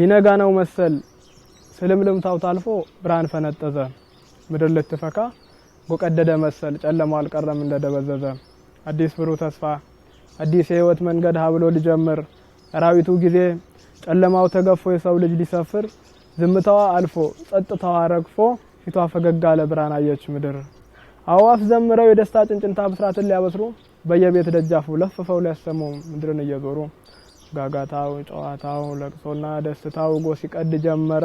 ሊነጋ ነው መሰል ስልምልምታው ታልፎ ብርሃን ፈነጠዘ። ምድር ልትፈካ ጎቀደደ መሰል ጨለማ አልቀረም እንደደበዘዘ። አዲስ ብሩህ ተስፋ አዲስ የህይወት መንገድ ሀብሎ ሊጀምር ሰራዊቱ ጊዜ ጨለማው ተገፎ የሰው ልጅ ሊሰፍር ዝምታዋ አልፎ ጸጥታዋ ረግፎ ፊቷ ፈገግ አለ ብርሃን አየች ምድር። አዋፍ ዘምረው የደስታ ጭንጭንታ ብስራትን ሊያበስሩ በየቤት ደጃፉ ለፍፈው ሊያሰሙ ምድርን እየዞሩ ጋጋታው፣ ጨዋታው፣ ለቅሶና ደስታው ጎህ ሲቀድ ጀመረ።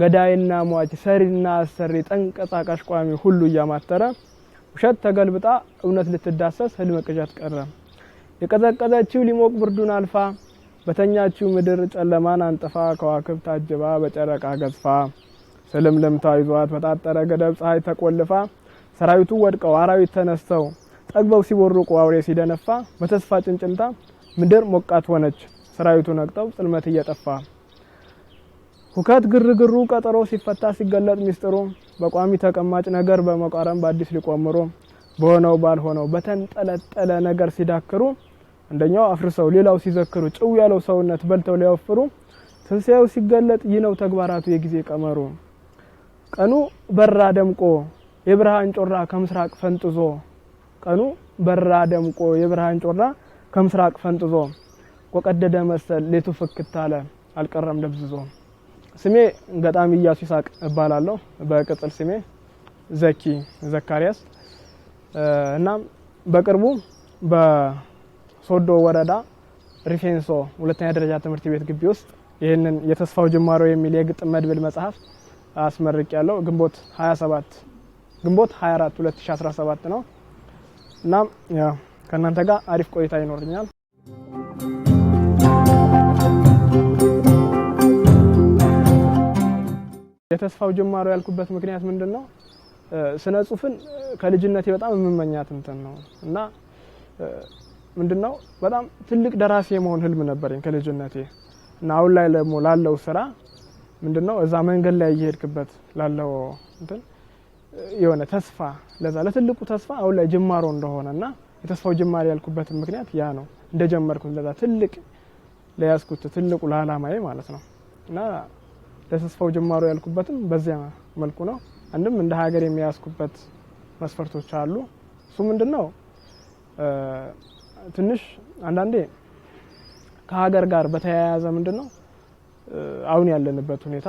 ገዳይና ሟች፣ ሰሪና አሰሪ፣ ተንቀሳቃሽ ቋሚ ሁሉ እያማተረ ውሸት ተገልብጣ እውነት ልትዳሰስ ህልም ቅዠት ቀረ። የቀዘቀዘችው ሊሞቅ ብርዱን አልፋ በተኛችው ምድር ጨለማን አንጥፋ ከዋክብት አጅባ በጨረቃ ገዝፋ ስልምልምታ ይዟት በጣጠረ ገደብ ፀሐይ ተቆልፋ ሰራዊቱ ወድቀው አራዊት ተነስተው ጠግበው ሲቦርቁ አውሬ ሲደነፋ በተስፋ ጭንጭልታ ምድር ሞቃት ሆነች፣ ሰራዊቱን ነቅጠው ጽልመት እየጠፋ ሁከት ግርግሩ ቀጠሮ ሲፈታ ሲገለጥ ሚስጥሩ በቋሚ ተቀማጭ ነገር በመቋረም በአዲስ ሊቆምሩ በሆነው ባልሆነው በተንጠለጠለ ነገር ሲዳክሩ አንደኛው አፍርሰው ሌላው ሲዘክሩ ጭው ያለው ሰውነት በልተው ሊያወፍሩ ትንሣኤው ሲገለጥ ይህ ነው ተግባራቱ የጊዜ ቀመሩ። ቀኑ በራ ደምቆ የብርሃን ጮራ ከምስራቅ ፈንጥዞ ቀኑ በራ ደምቆ የብርሃን ጮራ ከምስራቅ ፈንጥዞ ወቀደደ መሰል ሌቱ ፍክት አለ አልቀረም ደብዝዞ። ስሜ ገጣሚ ኢያሱ ይሳቅ እባላለሁ። በቅጽል ስሜ ዘኪ ዘካሪያስ እና በቅርቡ በሶዶ ወረዳ ሪፌንሶ ሁለተኛ ደረጃ ትምህርት ቤት ግቢ ውስጥ ይህንን የተስፋው ጅማሮ የሚል የግጥም መድብል መጽሐፍ አስመርቅ ያለው ግንቦት 27 ግንቦት 24 2017 ነው እና ከእናንተ ጋር አሪፍ ቆይታ ይኖርኛል። የተስፋው ጅማሮ ያልኩበት ምክንያት ምንድን ነው? ስነ ጽሁፍን ከልጅነቴ በጣም የምመኛት እንትን ነው እና ምንድን ነው በጣም ትልቅ ደራሲ የመሆን ህልም ነበረኝ ከልጅነቴ እና አሁን ላይ ደግሞ ላለው ስራ ምንድን ነው እዛ መንገድ ላይ እየሄድክበት ላለው እንትን የሆነ ተስፋ ለዛ ለትልቁ ተስፋ አሁን ላይ ጅማሮ እንደሆነ እና የተስፋው ጅማሬ ያልኩበትን ምክንያት ያ ነው። እንደጀመርኩት ለዛ ትልቅ ለያዝኩት ትልቁ ለአላማዬ ማለት ነው እና ለተስፋው ጅማሮ ያልኩበትም በዚያ መልኩ ነው። አንድም እንደ ሀገር የሚያዝኩበት መስፈርቶች አሉ። እሱ ምንድን ነው? ትንሽ አንዳንዴ ከሀገር ጋር በተያያዘ ምንድን ነው አሁን ያለንበት ሁኔታ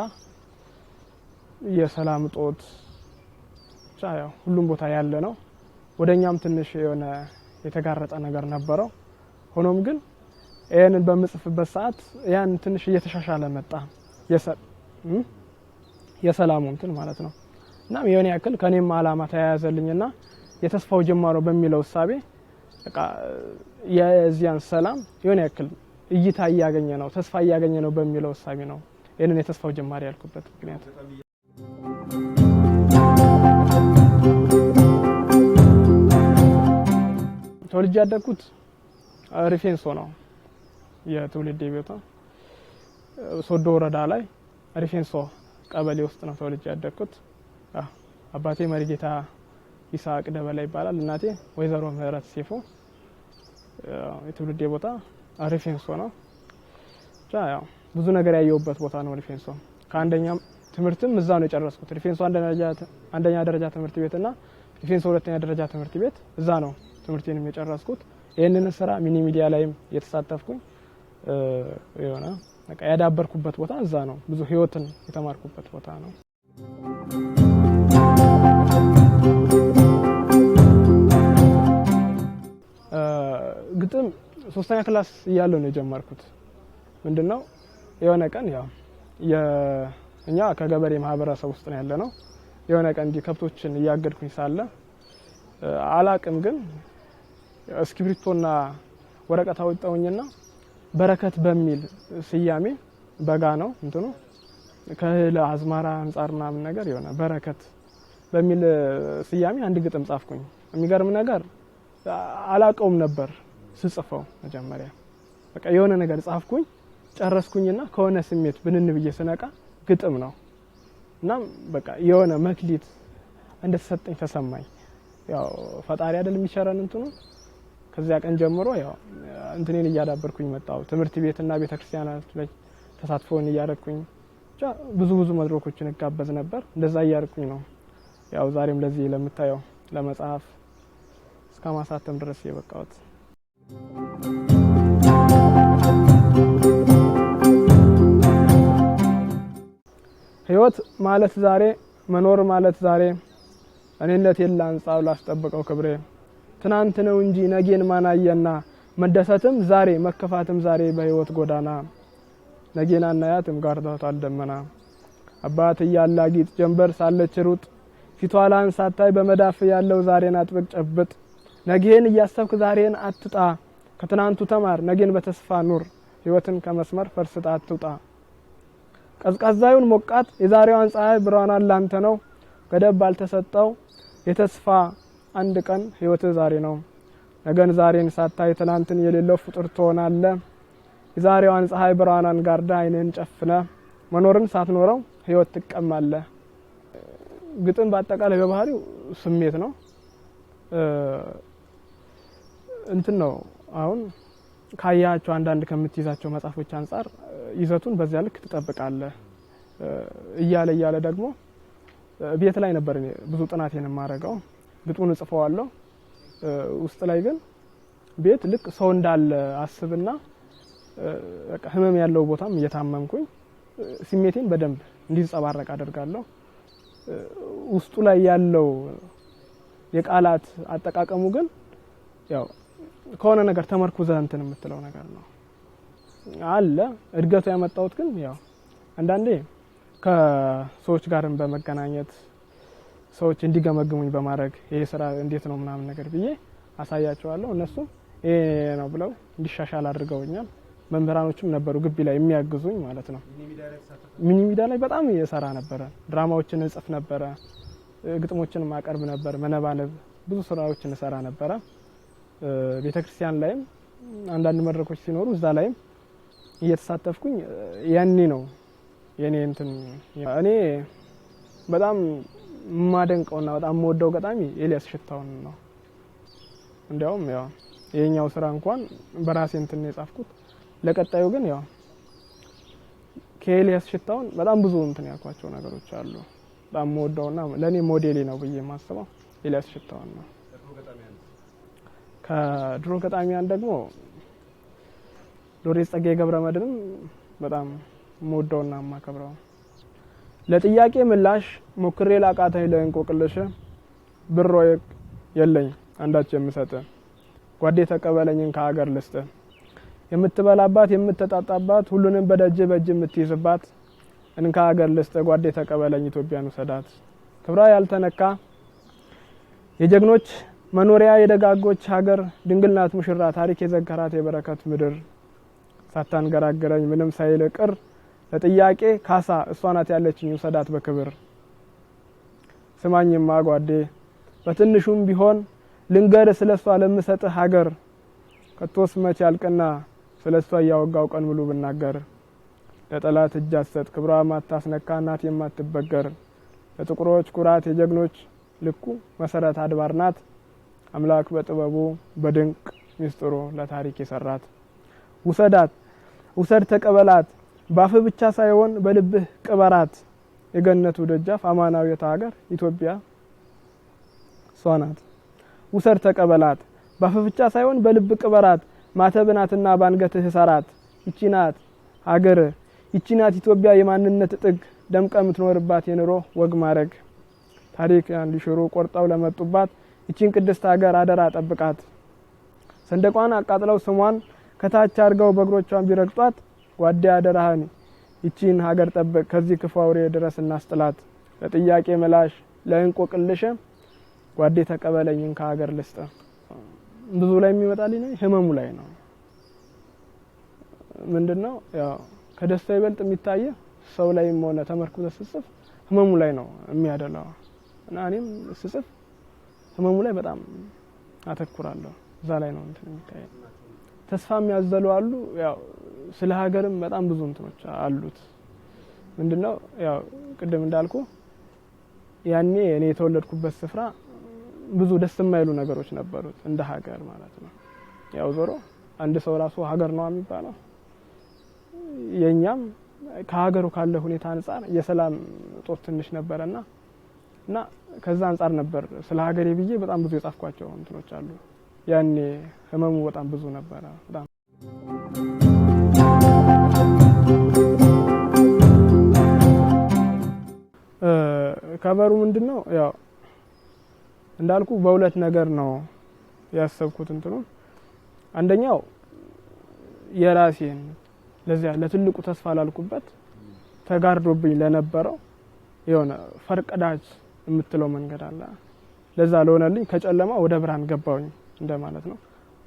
የሰላም እጦት ሁሉም ቦታ ያለ ነው። ወደኛም ትንሽ የሆነ የተጋረጠ ነገር ነበረው። ሆኖም ግን ይህንን በምጽፍበት ሰዓት ያን ትንሽ እየተሻሻለ መጣ፣ የሰላሙ እንትን ማለት ነው። እናም የሆነ ያክል ከኔም አላማ ተያያዘልኝና የተስፋው ጅማሮ በሚለው እሳቤ የዚያን ሰላም የሆነ ያክል እይታ እያገኘ ነው፣ ተስፋ እያገኘ ነው በሚለው እሳቤ ነው ይህንን የተስፋው ጅማሬ ያልኩበት ምክንያት ተወልጄ ያደግኩት ሪፌንሶ ነው። የትውልድ ቤቷ ሶዶ ወረዳ ላይ ሪፌንሶ ቀበሌ ውስጥ ነው ተወልጄ ያደግኩት። አባቴ መሪጌታ ይስሐቅ ደበላ ይባላል። እናቴ ወይዘሮ ምህረት ሴፎ። የትውልዴ ቦታ ሪፌንሶ ነው። ያው ብዙ ነገር ያየሁበት ቦታ ነው ሪፌንሶ። ከአንደኛ ትምህርትም እዛ ነው የጨረስኩት። ሪፌንሶ አንደኛ ደረጃ ትምህርት ቤትና ሪፌንሶ ሁለተኛ ደረጃ ትምህርት ቤት እዛ ነው ትምህርቴንም የጨረስኩት ይህንን ስራ ሚኒ ሚዲያ ላይም የተሳተፍኩኝ የሆነ በቃ ያዳበርኩበት ቦታ እዛ ነው። ብዙ ህይወትን የተማርኩበት ቦታ ነው። ግጥም ሶስተኛ ክላስ እያለው ነው የጀመርኩት። ምንድነው የሆነ ቀን ያው እኛ ከገበሬ ማህበረሰብ ውስጥ ነው ያለ ነው። የሆነ ቀን እንዲህ ከብቶችን እያገድኩኝ ሳለ አላቅም ግን እስክሪብቶና ወረቀት አወጣውኝና በረከት በሚል ስያሜ በጋ ነው እንትኑ ከእህል አዝመራ አንጻር ምናምን ነገር የሆነ በረከት በሚል ስያሜ አንድ ግጥም ጻፍኩኝ። የሚገርም ነገር አላቀውም ነበር ስጽፈው መጀመሪያ በቃ የሆነ ነገር ጻፍኩኝ ጨረስኩኝና ከሆነ ስሜት ብንን ብዬ ስነቃ ግጥም ነው። እናም በቃ የሆነ መክሊት እንደተሰጠኝ ተሰማኝ። ያው ፈጣሪ አይደል የሚቸረን እንትኑ ከዚያ ቀን ጀምሮ ያው እንትኔን እያዳበርኩኝ መጣው። ትምህርት ቤትና ቤተክርስቲያናት ላይ ተሳትፎን እያደረግኩኝ ብቻ ብዙ ብዙ መድረኮችን እጋበዝ ነበር። እንደዛ እያደረግኩኝ ነው ያው ዛሬም ለዚህ ለምታየው ለመጽሐፍ እስከ ማሳተም ድረስ የበቃሁት። ህይወት ማለት ዛሬ መኖር ማለት ዛሬ እኔነት የለ አንጻው ላስጠብቀው ክብሬ ትናንት ነው እንጂ ነገን ማናየና መደሰትም ዛሬ መከፋትም ዛሬ በህይወት ጎዳና ነገን አናያትም ጋርዷታል ደመና አባት እያለ አጊጥ ጀንበር ሳለች ሩጥ ፊቷ ላን ሳታይ በመዳፍ ያለው ዛሬን አጥብቅ ጨብጥ ነገን እያሰብክ ዛሬን አትጣ ከትናንቱ ተማር ነገን በተስፋ ኑር ህይወትን ከመስመር ፈርስጣ አትውጣ ቀዝቃዛዩን ሞቃት የዛሬዋን ፀሐይ ብርሃኗን ላንተ ነው ገደብ ባልተሰጠው የተስፋ አንድ ቀን ህይወት ዛሬ ነው። ነገን ዛሬን ሳታይ ትናንትን የሌለው ፍጡር ትሆናለህ። የዛሬዋን ፀሐይ ብርሃኗን ጋርዳ አይንህን ጨፍነ መኖርን ሳትኖረው ህይወት ትቀማለህ። ግጥም በአጠቃላይ በባህሪው ስሜት ነው። እንትን ነው አሁን ካያቸው አንዳንድ ከምትይዛቸው መጽሐፎች አንጻር ይዘቱን በዚያ ልክ ትጠብቃለህ። እያለ እያለ ደግሞ ቤት ላይ ነበር ብዙ ጥናቴን የማደርገው። ግጥሙን እጽፈዋለሁ። ውስጥ ላይ ግን ቤት ልክ ሰው እንዳለ አስብና በቃ ህመም ያለው ቦታም እየታመምኩኝ ስሜቴን በደንብ እንዲንጸባረቅ አደርጋለሁ። ውስጡ ላይ ያለው የቃላት አጠቃቀሙ ግን ያው ከሆነ ነገር ተመርኩዘህ እንትን የምትለው ነገር ነው አለ። እድገቱ ያመጣሁት ግን ያው አንዳንዴ ከሰዎች ጋርም በመገናኘት ሰዎች እንዲገመግሙኝ በማድረግ ይሄ ስራ እንዴት ነው ምናምን ነገር ብዬ አሳያቸዋለሁ። እነሱም ይሄ ነው ብለው እንዲሻሻል አድርገውኛል። መምህራኖችም ነበሩ ግቢ ላይ የሚያግዙኝ ማለት ነው። ሚኒ ሚዲያ ላይ በጣም እየሰራ ነበረ። ድራማዎችን እጽፍ ነበረ፣ ግጥሞችን ማቀርብ ነበር፣ መነባነብ፣ ብዙ ስራዎችን እሰራ ነበረ። ክርስቲያን ላይም አንዳንድ መድረኮች ሲኖሩ እዛ ላይም እየተሳተፍኩኝ ያኔ ነው የኔ እንትን እኔ በጣም የማደንቀውና በጣም የምወደው ገጣሚ ኤልያስ ሽታውን ነው። እንዲያውም ያው የኛው ስራ እንኳን በራሴ እንትን የጻፍኩት ለቀጣዩ ግን ያው ከኤልያስ ሽታውን በጣም ብዙ እንትን ያልኳቸው ነገሮች አሉ። በጣም የምወደውና ለእኔ ሞዴሌ ነው ብዬ የማስበው ኤልያስ ሽታውን ነው። ከድሮ ገጣሚያን ደግሞ ዶሬስ ጸጋዬ ገብረ መድኅንም በጣም የምወደውና የማከብረው ለጥያቄ ምላሽ ሞክሬ ላቃታይ ለእንቆቅልሽ ብሮ የለኝ አንዳች የምሰጥ ጓዴ ተቀበለኝን ከሀገር ልስጥ የምትበላባት የምትጠጣባት ሁሉንም በደጅ በእጅ የምትይዝባት እንካ ሀገር ልስጥ ጓዴ ተቀበለኝ ኢትዮጵያን ውሰዳት ክብራ ያልተነካ የጀግኖች መኖሪያ የደጋጎች ሀገር ድንግልናት ሙሽራ ታሪክ የዘከራት የበረከት ምድር ሳታንገራግረኝ ምንም ሳይል ቅር ለጥያቄ ካሳ እሷ ናት ያለችኝ ውሰዳት በክብር ስማኝማ ጓዴ በትንሹም ቢሆን ልንገር ስለ እሷ ለምሰጥህ ሀገር ከቶስ መች ያልቅና ስለ እሷ እያወጋው ቀን ሙሉ ብናገር ለጠላት እጅ አሰጥ ክብሯ ማታስነካ ናት የማትበገር ለጥቁሮች ኩራት የጀግኖች ልኩ መሰረት አድባር ናት አምላክ በጥበቡ በድንቅ ሚስጥሩ ለታሪክ የሰራት ውሰዳት ውሰድ ተቀበላት ባፍህ ብቻ ሳይሆን በልብህ ቅበራት የገነቱ ደጃፍ አማናዊት ሀገር ኢትዮጵያ እሷ ናት። ውሰድ ተቀበላት ባፍህ ብቻ ሳይሆን በልብ ቅበራት ማተብናትና ባንገትህ ሰራት። ይቺ ናት ሀገር ይቺ ኢትዮጵያ የማንነት ጥግ ደምቀ የምትኖርባት የኑሮ ወግ ማረግ ታሪክ እንዲሽሩ ቆርጠው ለመጡባት ይቺን ቅድስት ሀገር አደራ ጠብቃት። ሰንደቋን አቃጥለው ስሟን ከታች አድርገው በእግሮቿን ቢረግጧት ጓዴ አደራህን ይቺን ሀገር ጠብቅ፣ ከዚህ ክፉ አውሬ ድረስ እናስጥላት። ለጥያቄ ምላሽ ለእንቆቅልሽ ጓዴ ተቀበለኝን ከሀገር ልስጥ። ብዙ ላይ የሚመጣልኝ ነው ህመሙ ላይ ነው። ምንድነው ያው ከደስታ ይበልጥ የሚታየ ሰው ላይም ሆነ ተመርኩዘ ስጽፍ ህመሙ ላይ ነው የሚያደላው እና እኔም ስጽፍ ህመሙ ላይ በጣም አተኩራለሁ። እዛ ላይ ነው እንትን የሚታየ ተስፋ የሚያዘሉ አሉ ያው ስለ ሀገርም በጣም ብዙ እንትኖች አሉት። ምንድነው ያው ቅድም እንዳልኩ ያኔ እኔ የተወለድኩበት ስፍራ ብዙ ደስ የማይሉ ነገሮች ነበሩት እንደ ሀገር ማለት ነው። ያው ዞሮ አንድ ሰው ራሱ ሀገር ነው የሚባለው። የኛም ከሀገሩ ካለ ሁኔታ አንጻር የሰላም ጦት ትንሽ ነበረና እና ከዛ አንጻር ነበር ስለ ሀገሬ ብዬ በጣም ብዙ የጻፍኳቸው እንትኖች አሉ። ያኔ ህመሙ በጣም ብዙ ነበረ። ከቨሩ ምንድን ነው ያው እንዳልኩ በሁለት ነገር ነው ያሰብኩት እንትኑ አንደኛው የራሴን ለዚያ ለትልቁ ተስፋ ላልኩበት ተጋርዶብኝ ለነበረው የሆነ ፈርቀዳጅ የምትለው መንገድ አለ። ለዛ ለሆነልኝ ከጨለማ ወደ ብርሃን ገባውኝ እንደማለት ነው።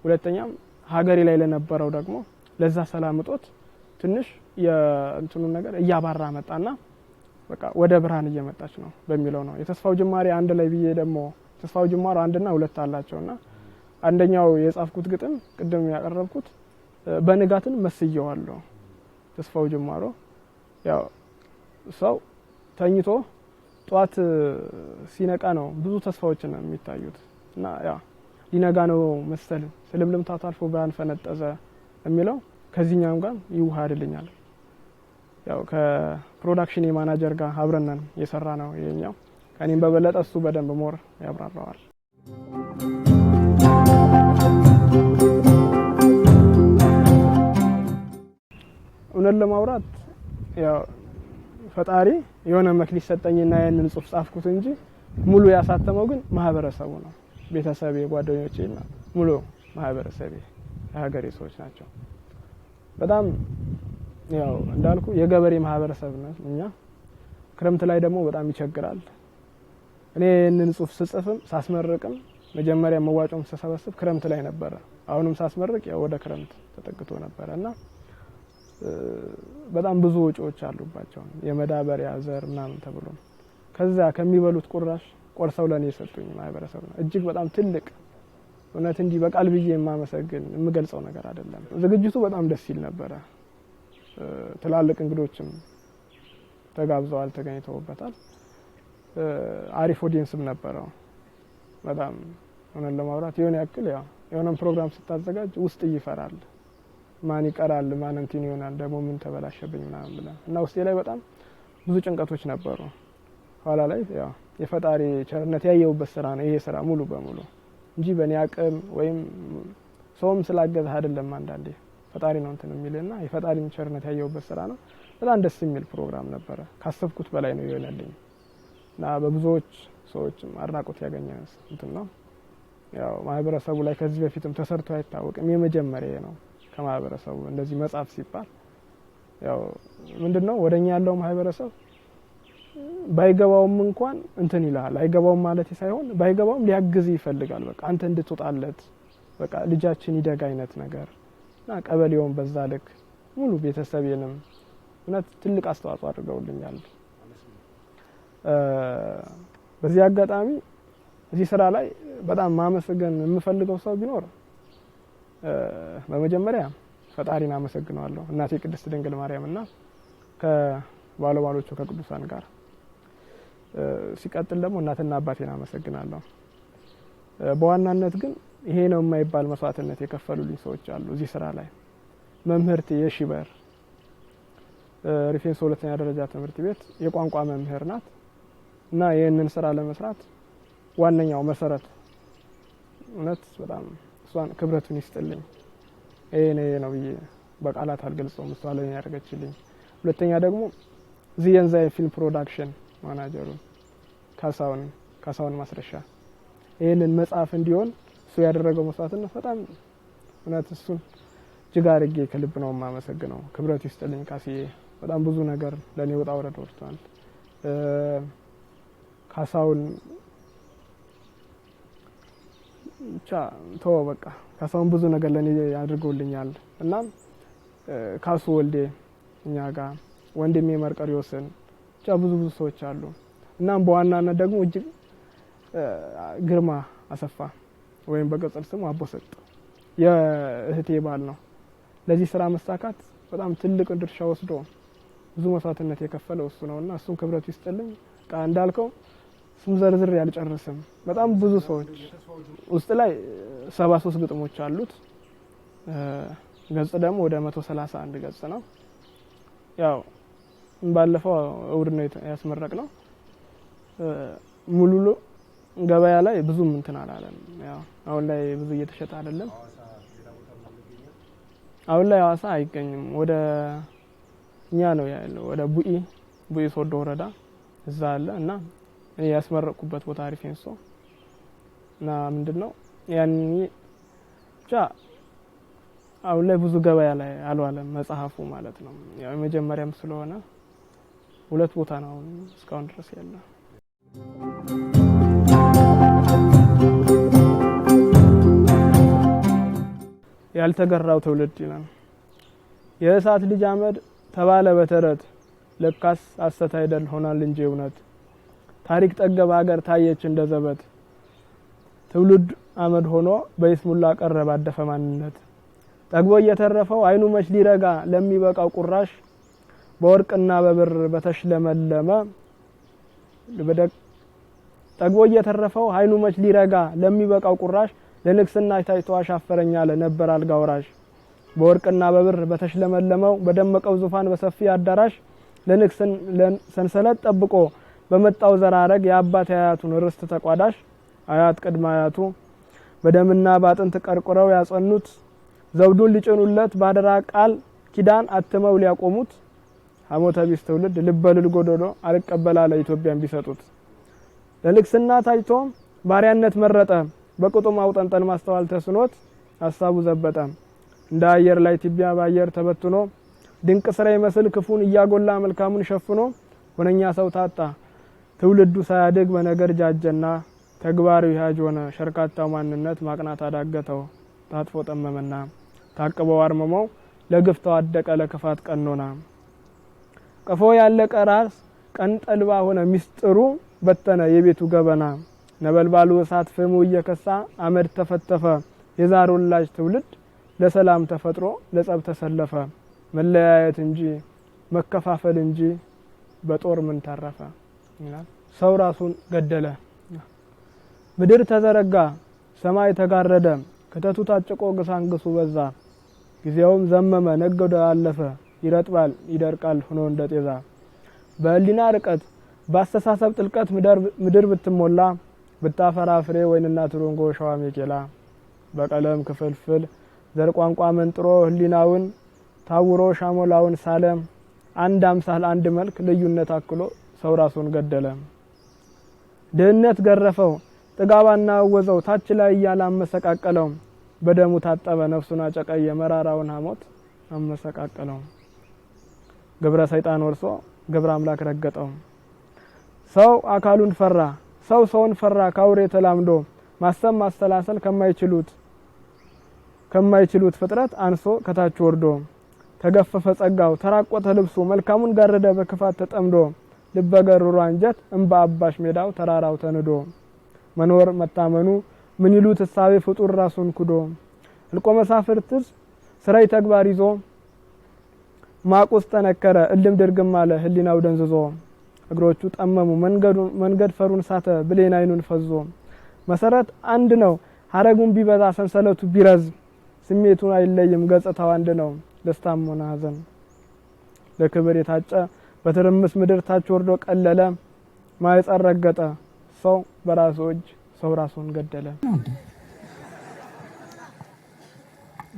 ሁለተኛም ሀገሬ ላይ ለነበረው ደግሞ ለዛ ሰላም እጦት ትንሽ የእንትኑ ነገር እያባራ መጣና በቃ ወደ ብርሃን እየመጣች ነው በሚለው ነው የተስፋው ጅማሬ አንድ ላይ ብዬ ደግሞ ተስፋው ጅማሮ አንድና ሁለት አላቸው እና አንደኛው የጻፍኩት ግጥም ቅድም ያቀረብኩት በንጋትን መስየዋለሁ። ተስፋው ጅማሮ ያው ሰው ተኝቶ ጧት ሲነቃ ነው ብዙ ተስፋዎች ነው የሚታዩት እና ያ ሊነጋ ነው መሰል ስልምልምታ ታልፎ ብርሃን ፈነጠዘ የሚለው ከዚህኛም ጋር ይዋሃድልኛል። ያው ከፕሮዳክሽን የማናጀር ጋር አብረነን የሰራ ነው ይሄኛው። ከኔም በበለጠ እሱ በደንብ ሞር ያብራራዋል። እውነት ለማውራት ያው ፈጣሪ የሆነ መክሊት ሰጠኝና ያንን ጽሁፍ ጻፍኩት እንጂ ሙሉ ያሳተመው ግን ማህበረሰቡ ነው። ቤተሰቤ፣ ጓደኞቼ እና ሙሉ ማህበረሰቤ የሀገሬ ሰዎች ናቸው። በጣም ያው እንዳልኩ የገበሬ ማህበረሰብ ነን እኛ። ክረምት ላይ ደግሞ በጣም ይቸግራል። እኔ ይህንን ጽሁፍ ስጽፍም ሳስመርቅም መጀመሪያ መዋጮም ስሰበስብ ክረምት ላይ ነበረ። አሁንም ሳስመርቅ ያው ወደ ክረምት ተጠግቶ ነበረ እና በጣም ብዙ ወጪዎች አሉባቸው የመዳበሪያ ዘር ምናምን ተብሎ ከዛ ከሚበሉት ቁራሽ ቆርሰው ለኔ የሰጡኝ ማህበረሰብ ነው። እጅግ በጣም ትልቅ እውነት እንጂ በቃል ብዬ የማመሰግን የምገልጸው ነገር አይደለም። ዝግጅቱ በጣም ደስ ይል ነበረ። ትላልቅ እንግዶችም ተጋብዘዋል፣ ተገኝተውበታል። አሪፍ ኦዲየንስም ነበረው። በጣም ሆነን ለማውራት የሆነ ያክል ያው የሆነን ፕሮግራም ስታዘጋጅ ውስጥ ይፈራል። ማን ይቀራል፣ ማን እንትን ይሆናል፣ ደግሞ ምን ተበላሸብኝ ምናምን ብለ እና ውስጤ ላይ በጣም ብዙ ጭንቀቶች ነበሩ። ኋላ ላይ ያው የፈጣሪ ቸርነት ያየውበት ስራ ነው ይሄ ስራ ሙሉ በሙሉ እንጂ በእኔ አቅም ወይም ሰውም ስላገዛ አይደለም አንዳንዴ ፈጣሪ ነው እንትን የሚልና የፈጣሪን ቸርነት ያየውበት ስራ ነው። በጣም ደስ የሚል ፕሮግራም ነበረ። ካሰብኩት በላይ ነው የሆነልኝ እና በብዙዎች ሰዎችም አድናቆት ያገኘ እንትን ነው። ያው ማህበረሰቡ ላይ ከዚህ በፊትም ተሰርቶ አይታወቅም። የመጀመሪያ ነው ከማህበረሰቡ እንደዚህ መጽሐፍ ሲባል ያው ምንድን ነው ወደኛ ያለው ማህበረሰብ ባይገባውም እንኳን እንትን ይልሃል። አይገባውም ማለት ሳይሆን ባይገባውም ሊያግዝ ይፈልጋል። በቃ አንተ እንድትወጣለት በቃ ልጃችን ይደግ አይነት ነገር እና ቀበሌውን በዛ ልክ ሙሉ ቤተሰቤንም እውነት ትልቅ አስተዋጽኦ አድርገውልኛል። በዚህ አጋጣሚ እዚህ ስራ ላይ በጣም ማመሰገን የምፈልገው ሰው ቢኖር በመጀመሪያ ፈጣሪን አመሰግነዋለሁ እናቴ ቅድስት ድንግል ማርያምና ከባለሟሎቹ ከቅዱሳን ጋር ሲቀጥል ደግሞ እናትና አባቴን አመሰግናለሁ። በዋናነት ግን ይሄ ነው የማይባል መስዋዕትነት የከፈሉልኝ ሰዎች አሉ እዚህ ስራ ላይ መምህርት የሺበር ሪፌንስ ሁለተኛ ደረጃ ትምህርት ቤት የቋንቋ መምህር ናት እና ይህንን ስራ ለመስራት ዋነኛው መሰረት እውነት በጣም እሷን ክብረቱን ይስጥልኝ። ይሄ ነው ብዬ በቃላት አልገልጸውም። እሷ ለኔ ያደረገችልኝ። ሁለተኛ ደግሞ እዚህ የንዛይ ፊልም ፕሮዳክሽን ማናጀሩ ካሳውን ካሳውን ማስረሻ ይህንን መጽሐፍ እንዲሆን እሱ ያደረገው መስዋዕትነት በጣም እውነት እሱን እጅግ አድርጌ ከልብ ነው የማመሰግነው። ክብረት ይስጥልኝ ካስዬ። በጣም ብዙ ነገር ለእኔ ውጣ ውረድ ወርቷል። ካሳውን ብቻ ተወ በቃ ካሳውን ብዙ ነገር ለእኔ አድርገውልኛል እና ካሱ ወልዴ እኛ ጋር ወንድሜ መርቀሪዎስን ብቻ ብዙ ብዙ ሰዎች አሉ። እናም በዋናነት ደግሞ እጅግ ግርማ አሰፋ ወይም በቅጽል ስሙ አቦሰጥ የእህቴ ባል ነው። ለዚህ ስራ መሳካት በጣም ትልቅ ድርሻ ወስዶ ብዙ መስዋዕትነት የከፈለው እሱ እና እሱን ክብረት ይስጥልኝ። እንዳልከው ስም ዘርዝር አልጨርስም። በጣም ብዙ ሰዎች ውስጥ ላይ ሰባ ሶስት ግጥሞች አሉት። ገጽ ደግሞ ወደ መቶ ሰላሳ አንድ ገጽ ነው። ያው ባለፈው እሁድ ነው ያስመረቅ ነው ሙሉ ገበያ ላይ ብዙም እንትን አላለም ያው አሁን ላይ ብዙ እየተሸጠ አይደለም። አሁን ላይ ሀዋሳ አይገኝም። ወደ እኛ ነው ያለው፣ ወደ ቡኢ ቡኢ ሶዶ ወረዳ እዛ አለ እና እኔ ያስመረቅኩበት ቦታ አሪፍ እንሶ እና ምንድን ነው ያን ብቻ አሁን ላይ ብዙ ገበያ ላይ አልዋለም መጽሐፉ ማለት ነው። ያው የመጀመሪያም ስለሆነ ሁለት ቦታ ነው እስካሁን ድረስ ያለ። ያልተገራው ትውልድ ይላል። የእሳት ልጅ አመድ ተባለ በተረት ለካስ አሰት አይደል ሆናል እንጂ እውነት ታሪክ ጠገብ ሀገር ታየች እንደ ዘበት ትውልድ አመድ ሆኖ በይስሙላ ቀረ ባደፈ ማንነት ጠግቦ እየተረፈው አይኑ መች ሊረጋ ለሚበቃው ቁራሽ በወርቅና በብር በተሽለመለመ ጠግቦ እየተረፈው አይኑ መች ሊረጋ ለሚበቃው ቁራሽ ለንግስና ታይቶ አሻፈረኛ ለነበር ነበር አልጋ በወርቅና በብር በተሽለመለመው በደመቀው ዙፋን በሰፊ አዳራሽ ለንግስን ሰንሰለት ጠብቆ በመጣው ዘራረግ የአባት አያቱን ርስት ተቋዳሽ አያት ቅድመ አያቱ በደምና በአጥንት ቀርቁረው ያጸኑት ዘውዱን ሊጭኑለት ባደራ ቃል ኪዳን አትመው ሊያቆሙት ሐሞተ ቢስ ትውልድ ልበልል ጎዶሎ አልቀበላለ ኢትዮጵያን ቢሰጡት ለንግስና ታጭቶ ባሪያነት መረጠ። በቁጡ ማውጠንጠን ማስተዋል ተስኖት ሀሳቡ ዘበጠ። እንደ አየር ላይ ትቢያ በአየር ተበትኖ ድንቅ ስራ ይመስል ክፉን እያጎላ መልካሙን ሸፍኖ ሁነኛ ሰው ታጣ ትውልዱ ሳያድግ በነገር ጃጀና ተግባሩ ይሃጅ ሆነ። ሸርካታው ማንነት ማቅናት አዳገተው ታጥፎ ጠመመና ታቅበው አርመመው ለግፍተው አደቀ ለክፋት ቀኖና ቀፎ ያለቀ ራስ ቀንጠልባ ሆነ ሚስጥሩ በተነ የቤቱ ገበና ነበልባሉ እሳት ፍሙ እየከሳ አመድ ተፈተፈ። የዛር ወላጅ ትውልድ ለሰላም ተፈጥሮ ለጸብ ተሰለፈ። መለያየት እንጂ መከፋፈል እንጂ በጦር ምን ተረፈ? ሰው ራሱን ገደለ። ምድር ተዘረጋ፣ ሰማይ ተጋረደ፣ ክተቱ ታጭቆ ግሳንግሱ በዛ። ጊዜውም ዘመመ፣ ነገደ፣ አለፈ። ይረጥባል ይደርቃል ሆኖ እንደ ጤዛ በህሊና ርቀት በአስተሳሰብ ጥልቀት ምድር ብትሞላ ብጣፈራ ፍሬ ወይንና ትሩንጎ ሸዋ ሜቄላ በቀለም ክፍልፍል ዘር ቋንቋ መንጥሮ ህሊናውን ታውሮ ሻሞላውን ሳለም አንድ አምሳል አንድ መልክ ልዩነት አክሎ ሰው ራሱን ገደለ። ድህነት ገረፈው ጥጋባና አወዘው ታች ላይ እያለ አመሰቃቀለው በደሙ ታጠበ ነፍሱን አጨቀየ መራራውን ሀሞት አመሰቃቀለው። ግብረ ሰይጣን ወርሶ ግብረ አምላክ ረገጠው። ሰው አካሉን ፈራ ሰው ሰውን ፈራ ካውሬ ተላምዶ ማሰብ ማሰላሰል ከማይችሉት ከማይችሉት ፍጥረት አንሶ ከታች ወርዶ ተገፈፈ ጸጋው ተራቆተ ልብሱ መልካሙን ጋረደ በክፋት ተጠምዶ ልበገሩሩ አንጀት እምባ አባሽ ሜዳው ተራራው ተንዶ መኖር መታመኑ ምን ይሉት እሳቤ ፍጡር ራሱን ክዶ እልቆ መሳፍርት ስራይ ተግባር ይዞ ማቁስ ጠነከረ እልም ድርግም አለ ህሊናው ደንዝዞ እግሮቹ ጠመሙ፣ መንገድ ፈሩን ሳተ፣ ብሌን አይኑን ፈዞ። መሰረት አንድ ነው፣ ሀረጉን ቢበዛ ሰንሰለቱ ቢረዝ ስሜቱን አይለይም ገጽታው አንድ ነው፣ ደስታም ሆነ ሀዘን ለክብር የታጨ በትርምስ ምድር ታች ወርዶ ቀለለ፣ ማይጸን ረገጠ፣ ሰው በራሱ እጅ ሰው ራሱን ገደለ።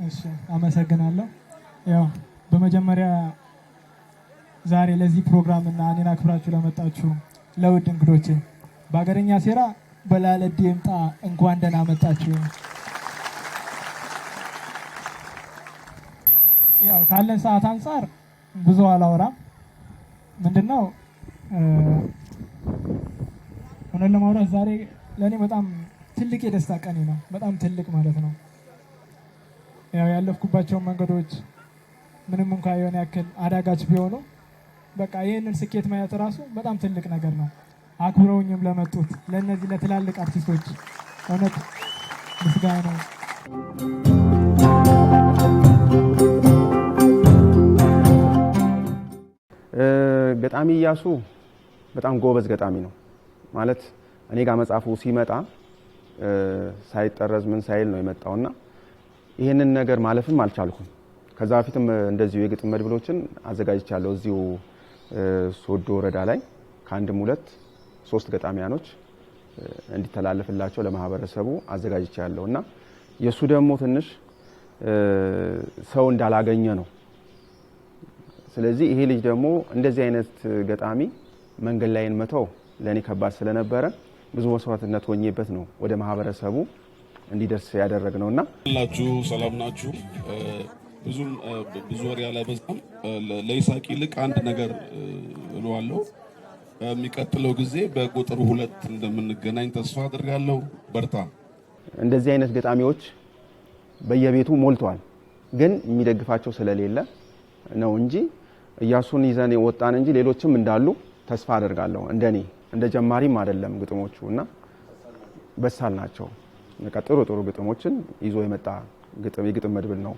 እሺ፣ አመሰግናለሁ። ያው በመጀመሪያ ዛሬ ለዚህ ፕሮግራም እና እኔን አክብራችሁ ለመጣችሁ ለውድ እንግዶቼ በሀገረኛ ሴራ በላለ ዴምጣ እንኳን ደህና መጣችሁ። ያው ካለን ሰዓት አንጻር ብዙ አላወራም። ምንድነው እውነት ለማውራት ዛሬ ለእኔ በጣም ትልቅ የደስታ ቀኔ ነው። በጣም ትልቅ ማለት ነው። ያው ያለፍኩባቸውን መንገዶች ምንም እንኳ የሆነ ያክል አዳጋች ቢሆኑ በቃ ይህንን ስኬት ማየት ራሱ በጣም ትልቅ ነገር ነው። አክብረውኝም ለመጡት ለእነዚህ ለትላልቅ አርቲስቶች እውነት ምስጋና ነው። ገጣሚ እያሱ በጣም ጎበዝ ገጣሚ ነው ማለት እኔ ጋር መጽሐፉ ሲመጣ ሳይጠረዝ ምን ሳይል ነው የመጣውና ይህንን ነገር ማለፍም አልቻልኩም። ከዛ በፊትም እንደዚሁ የግጥም መድብሎችን አዘጋጅቻለሁ እዚሁ ሶዶ ወረዳ ላይ ከአንድም ሁለት ሶስት ገጣሚያኖች እንዲተላለፍላቸው ለማህበረሰቡ አዘጋጅቻ ያለው እና የእሱ ደግሞ ትንሽ ሰው እንዳላገኘ ነው። ስለዚህ ይሄ ልጅ ደግሞ እንደዚህ አይነት ገጣሚ መንገድ ላይን መተው ለእኔ ከባድ ስለነበረ ብዙ መስዋዕትነት ሆኜበት ነው ወደ ማህበረሰቡ እንዲደርስ ያደረግ ነው እና ሰላም ናችሁ። ብዙም ብዙ ወር ያላበዛም ለይሳቅ ይልቅ አንድ ነገር እለዋለሁ። በሚቀጥለው ጊዜ በቁጥር ሁለት እንደምንገናኝ ተስፋ አድርጋለሁ። በርታ። እንደዚህ አይነት ገጣሚዎች በየቤቱ ሞልተዋል፣ ግን የሚደግፋቸው ስለሌለ ነው እንጂ እያሱን ይዘን ወጣን እንጂ ሌሎችም እንዳሉ ተስፋ አደርጋለሁ። እንደኔ እንደ ጀማሪም አይደለም ግጥሞቹ እና በሳል ናቸው። ጥሩ ጥሩ ግጥሞችን ይዞ የመጣ የግጥም መድብል ነው።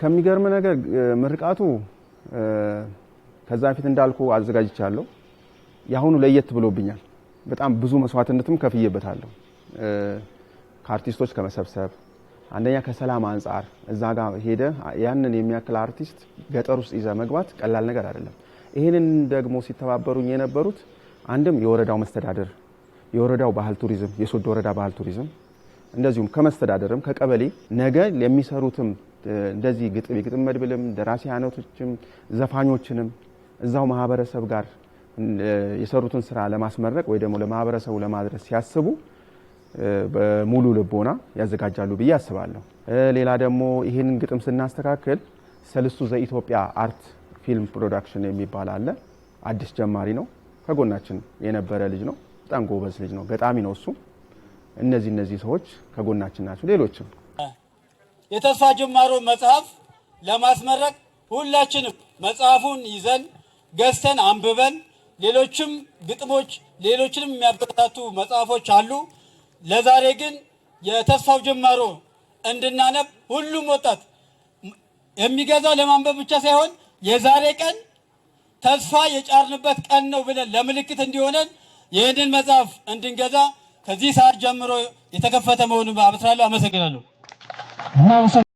ከሚገርም ነገር ምርቃቱ ከዛ ፊት እንዳልኩ አዘጋጅቻለሁ። የአሁኑ ለየት ብሎብኛል። በጣም ብዙ መስዋዕትነትም ከፍዬበታለሁ። ከአርቲስቶች ከመሰብሰብ አንደኛ ከሰላም አንጻር እዛ ጋር ሄደ ያንን የሚያክል አርቲስት ገጠር ውስጥ ይዘ መግባት ቀላል ነገር አይደለም። ይህንን ደግሞ ሲተባበሩኝ የነበሩት አንድም የወረዳው መስተዳደር የወረዳው ባህል ቱሪዝም የሶዶ ወረዳ ባህል ቱሪዝም እንደዚሁም ከመስተዳደርም ከቀበሌ ነገ የሚሰሩትም እንደዚህ ግጥም የግጥም መድብልም ደራሲያኖችም ዘፋኞችንም እዛው ማህበረሰብ ጋር የሰሩትን ስራ ለማስመረቅ ወይ ደግሞ ለማህበረሰቡ ለማድረስ ሲያስቡ በሙሉ ልቦና ያዘጋጃሉ ብዬ አስባለሁ። ሌላ ደግሞ ይህንን ግጥም ስናስተካክል ሰልስቱ ዘኢትዮጵያ አርት ፊልም ፕሮዳክሽን የሚባል አለ። አዲስ ጀማሪ ነው። ከጎናችን የነበረ ልጅ ነው። በጣም ጎበዝ ልጅ ነው፣ ገጣሚ ነው እሱ። እነዚህ እነዚህ ሰዎች ከጎናችን ናቸው። ሌሎችም የተስፋ ጅማሮ መጽሐፍ ለማስመረቅ ሁላችንም መጽሐፉን ይዘን ገዝተን አንብበን ሌሎችም ግጥሞች፣ ሌሎችንም የሚያበረታቱ መጽሐፎች አሉ። ለዛሬ ግን የተስፋው ጅማሮ እንድናነብ ሁሉም ወጣት የሚገዛው ለማንበብ ብቻ ሳይሆን የዛሬ ቀን ተስፋ የጫርንበት ቀን ነው ብለን ለምልክት እንዲሆነን ይህንን መጽሐፍ እንድንገዛ ከዚህ ሰዓት ጀምሮ የተከፈተ መሆኑን አበስራለሁ። አመሰግናለሁ።